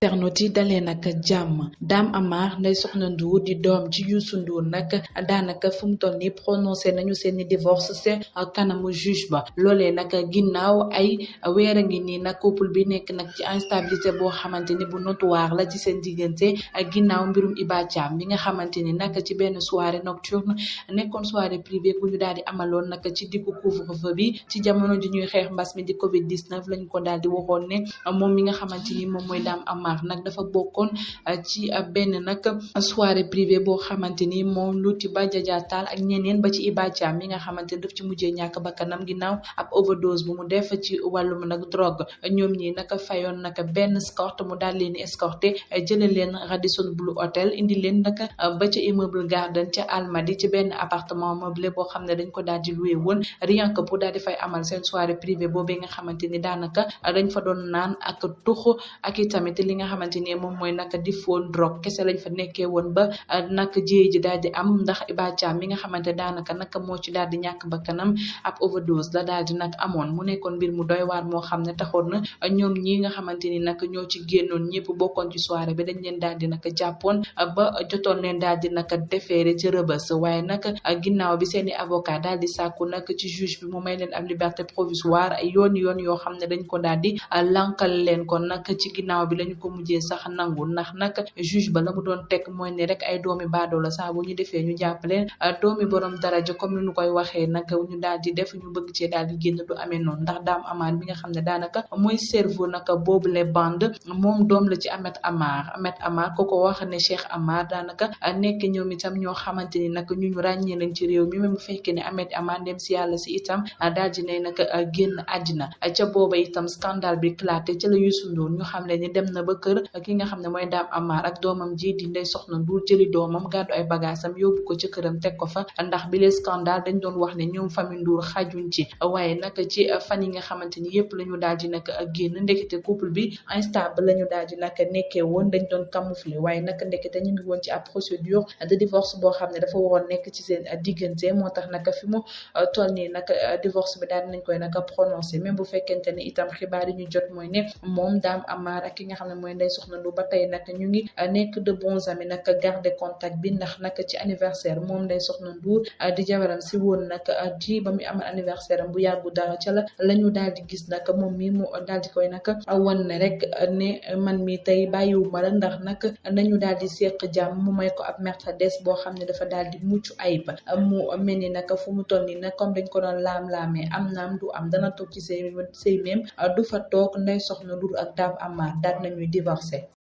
internet yi dalee nag jàmm Dame Amar Ndeye Soxna Ndour di doom ci Youssou Ndour nag daanaka fu mu toll nii prononcé nañu seeni divorce seen kanamu juge ba loolee nag ginnaaw ay weer a ngi nii nag couple bi nekk nag ci instabilité boo xamante ni bu notoire la seen diggante ak ginnaaw mbirum Iba Thiam bi nga xamante ni nag ci benn soirée nocturne nekkoon soirée privée bu ñu daal di amaloon nag ci diggu couvre-feu bi ci jamono ji ñuy xeex mbas mi di Covid 19 lañ ko daal di waxoon ne moom mi nga xamante ni moom mooy Dame Mar nag dafa bokkoon eh, ci eh, benn nag soirée privée boo xamante ni moom Luuti Ba Jaja Taal ak ñeneen ba ci Iba Thiam mi nga xamante ni daf ci mujjee ñàkk bakkanam ginnaaw ab overdose bu mu def ci wàllum nag drogue ñoom ñi nag fayoon nag benn escorte mu daal leen escorté eh, jëlee leen Radisson Blu Hotel indi leen nag ba ca immeuble Garden ca Almadi ci benn appartement meublé boo xam ne dañ ko daal di loué woon rien que pour daal di fay amal seen soirée privée boobee nga xamante ni daanaka nga xamante ne moom mooy nag di foon drogue kese lañ fa nekkee woon ba euh, nag jiyee ji daal di am ndax Iba Thiam mi nga xamante daanaka nag moo ci daal di ñàkk bakkanam ab overdose la daal di nag amoon mu nekkoon mbir mu doy waar moo xam ne taxoon na ñoom ñi nga xamante ni nag ñoo ci génnoon ñëpp bokkoon ci soirée bi dañ leen daal di nag jàppoon euh, ba jotoon leen daal di nag defeere ci rëbës waaye nag euh, ginnaaw bi seeni avocat daal di saaku nag ci juge bi may leen am liberté provisoire yoon yoon yoo xam ne dañ ko daal ko mujjee sax nangu ndax nag juge ba la mu doon teg mooy ne rek ay doomi baadoola saa bu ñu defee ñu jàppaleen ah, doomi borom daraja comme ni ñu koy waxee nag ñu daal di def ñu bëgg cee daal di génn du boobu les bande moom doom la ci Amet Amar Amet Amar ku ko wax ne Cheikh Amar daanaka nekk ñoom itam ñoo xamante ni nag ñu ñu ràññee nañ ci réew mi même bu fekkee ne Amet Amar dem si yàlla si itam a di ne nag génn àddina ca booba itam scandale bi éclaté ca la Youssou Ndour ñu xam ne ni dem na ba kër ki nga xam ne mooy Dame Amar ak doomam ji di Ndeye Soxna Ndour jëli doomam gàddu ay bagaasam yóbbu ko ci këram teg ko fa ndax bile scandale dañ doon wax ne ñoom famille Ndour xaajuñ ci waaye nag ci fan yi nga xamante ni yëpp la ñu daal ji nag génn ndekete couple bi instable la ñu daal di nekkee woon dañ doon camoufler waaye nag ndekete ñu ngi woon ci ab procédure de divorce boo xam ne dafa waroon nekk ci seen diggante moo tax nag fi mu euh, toll nii nag euh, divorce bi daal dinañ koy nag prononcé même bu fekkente ne itam xibaar yi ñu jot mooy ne moom Dame Amar ak ki mooy Ndeye Soxna Lo ba tey nag ñu ngi euh, nekk de bons amis nag garder contact bi ndax nag ci anniversaire moom Ndeye Soxna Ndour euh, di jabaram a woon nag euh, di bu yàggu dara ca la ñu daal di gis nag moom mi mu daal di koy nag wan ne rek ne man mi tey bàyyiwuma la ndax nag nañu daal di seq jàmm mu may ko ab Mercedes boo xam ne dafa daal di mucc ayib mu mel ni nag fu mu toll nii nag ko doon laam-laamee am naam am dana toog ci sëy divorcé